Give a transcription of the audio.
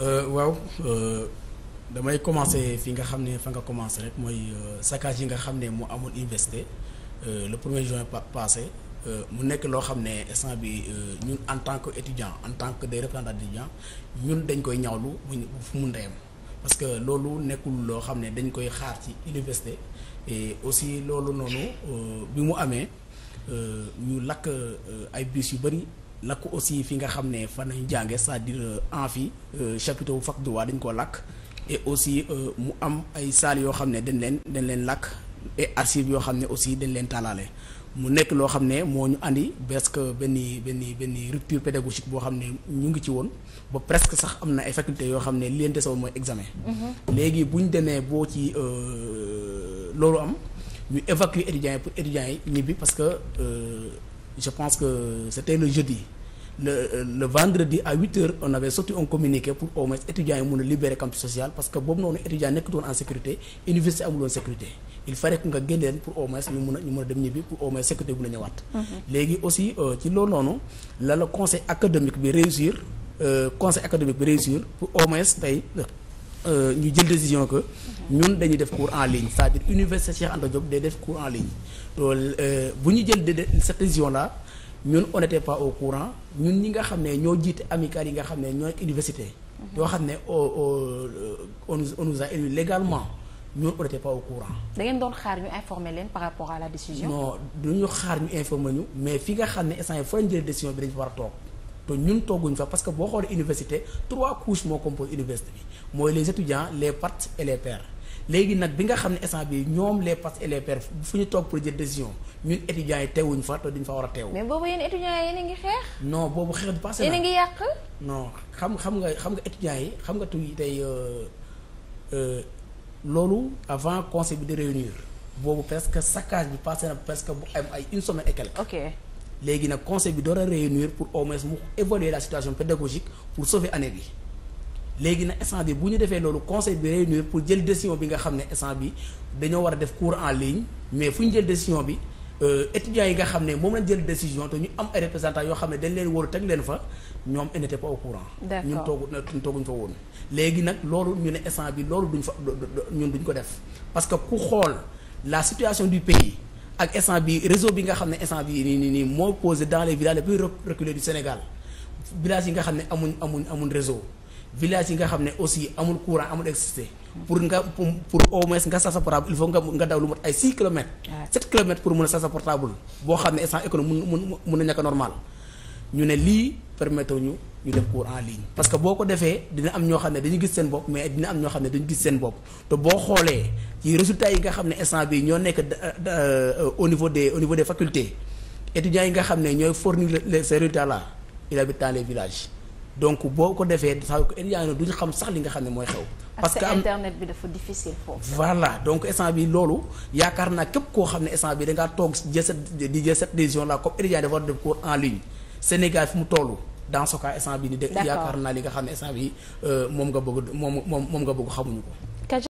Euh, waaw euh, damay commencer fi nga xam ne fa nga commencer rek mooy euh, saccage yi nga xam ne mu amoon université le premier juin passé mu nekk loo xam ne instant bi ñun en tant que étudiant en tant que de représentants d'étudiants ñun dañ koy ñawlu mu fu mu ndeyam parce que loolu nekkul loo xam ne dañ koy xaar ci université aussi loolu noonu bi mu amee ñu lakk ay bus yu bëri lakk aussi fi nga xam ne fa nañ jànge sa à dire en euh, fi euh, chapiteau fac de droit dañ koo lakk et aussi euh, mu am ay salles yoo xam ne dañ leen dañ leen lakk et archives yoo xam ne aussi dañ leen taalaale mu nekk loo xam ne moo ñu andi presque benn benn benn rupture pédagogique boo xam ne ñu ngi ci woon ba presque sax am na ay facultés yoo xam ne li leen desewoon mooy examen. Mhm. léegi bu ñu demee boo ci loolu am ñu évacuer étudiants yi pour étudiants yi ñibbi parce que. je pense que c'était le jeudi le euh, le vendredi à huit heures on avait sorti un communiqué pour au moins étudiants yi mun a libérer campus social parce que boobu noonu étudiants nekkutoon en sécurité université amuloon sécurité il fallait que nga génne pour au ñu mun a dem ñibbi pour au moins sécurité bu la ñëwaat. Mhm. léegi aussi euh, ci loolu noonu la conseil académique bi réussir euh, conseil académique bi réussir pour au tey. Euh, ñu jël décision que ñun dañuy def cours en ligne c'est-à-dire université Cheikh Anta Diop day def cours en ligne loolu euh, bu ñu jël de cette décision là ñun on n'était pas au courant ñun ñi nga xam ne ñoo jiite amicale yi nga xam ne ñoo nekk université. yoo xam ne euh, on a élu légalement on n'était pas au courant. da ngeen doon xaar ñu informer leen par rapport à la décision. non du ñu xaar ñu informer ñu mais fi nga xam ne instant yii foo leen jëlee décision bi dañu war toog. te ñun tooguñ fa parce que boo xoolee université trois couches moo compose université bi mooy les étudiants les parts et les per léegi nag bi nga xam ne instant bi ñoom les parts et les pairs fu ñu toog pour jël décision ñun étudiants yi teewuñ fa te duñ fa war a teew. mais boobu yéen étudiants yi yéen ngi xeex. non boobu xeex bi passé na yéen a ngi yàq. non xam xam nga xam nga étudiants yi xam nga tuy tey euh, euh, loolu avant conseil bi di réunir boobu presque saccage bi passé na presque bu am ay une semaine et léegi nag conseil bi door a réunir pour au moins mu évaluer la situation pédagogique pour sauver année bi léegi nag instant bi bu ñu defee loolu conseil bi réunir pour jël décision bi nga xam ne instant bi dañoo war a def cours en ligne mais fu ñu jël décision bi euh, étudiants yi nga xam ne moom lañ jël décision te ñu am ay représentants yoo xam ne dañ leen wóolu teg leen fa ñoom ils n'étaient pas au courant ñun toogu ñun tooguñ fa woon léegi nag loolu ñu ne instant bi loolu duñ fa ñun duñ ko def parce que ku xool la situation du pays ak instant bi réseau bi nga xam ne instant bi nii nii moo posé dans les villages les plus reculés du Sénégal villages yi nga xam ne amuñ amuñ amuñ réseau villages yi nga xam ne aussi amul courant amul existé pour nga pour pour au moins nga sasa portable il faut nga nga daw lu mat ay 6 kilomètres. 7 kilomètres pour mën a sasa portable boo xam ne instant économique mun mun mun na ñàkk normal ñu ne lii permettre ñu. ñu def cours en ligne parce que boo ko defee dina am ñoo xam ne dañu gis seen bopp mais dina am ñoo xam ne dañu gis seen bopp te boo xoolee ci résultats yi nga xam ne instant bi ñoo nekk euh, euh, au niveau des au niveau des facultés étudiants yi nga xam ne ñooy fournir les ces résultats là il donc boo ko defee sax étudiants yi duñu xam sax li nga xam ne mooy xew parce que internet bi dafa difficile foofu voilà donc instant bi loolu yaakaar naa képp koo xam ne instant bi dangaa toog jël cette di jël cette décision là comme étudiant yi dafa war def cours en ligne Sénégal mu toll dans ce cas instant bi ni de yaakaar naa li nga xam ne instant euh, moom nga bëgg moom moom moom nga bëgg xamuñu ko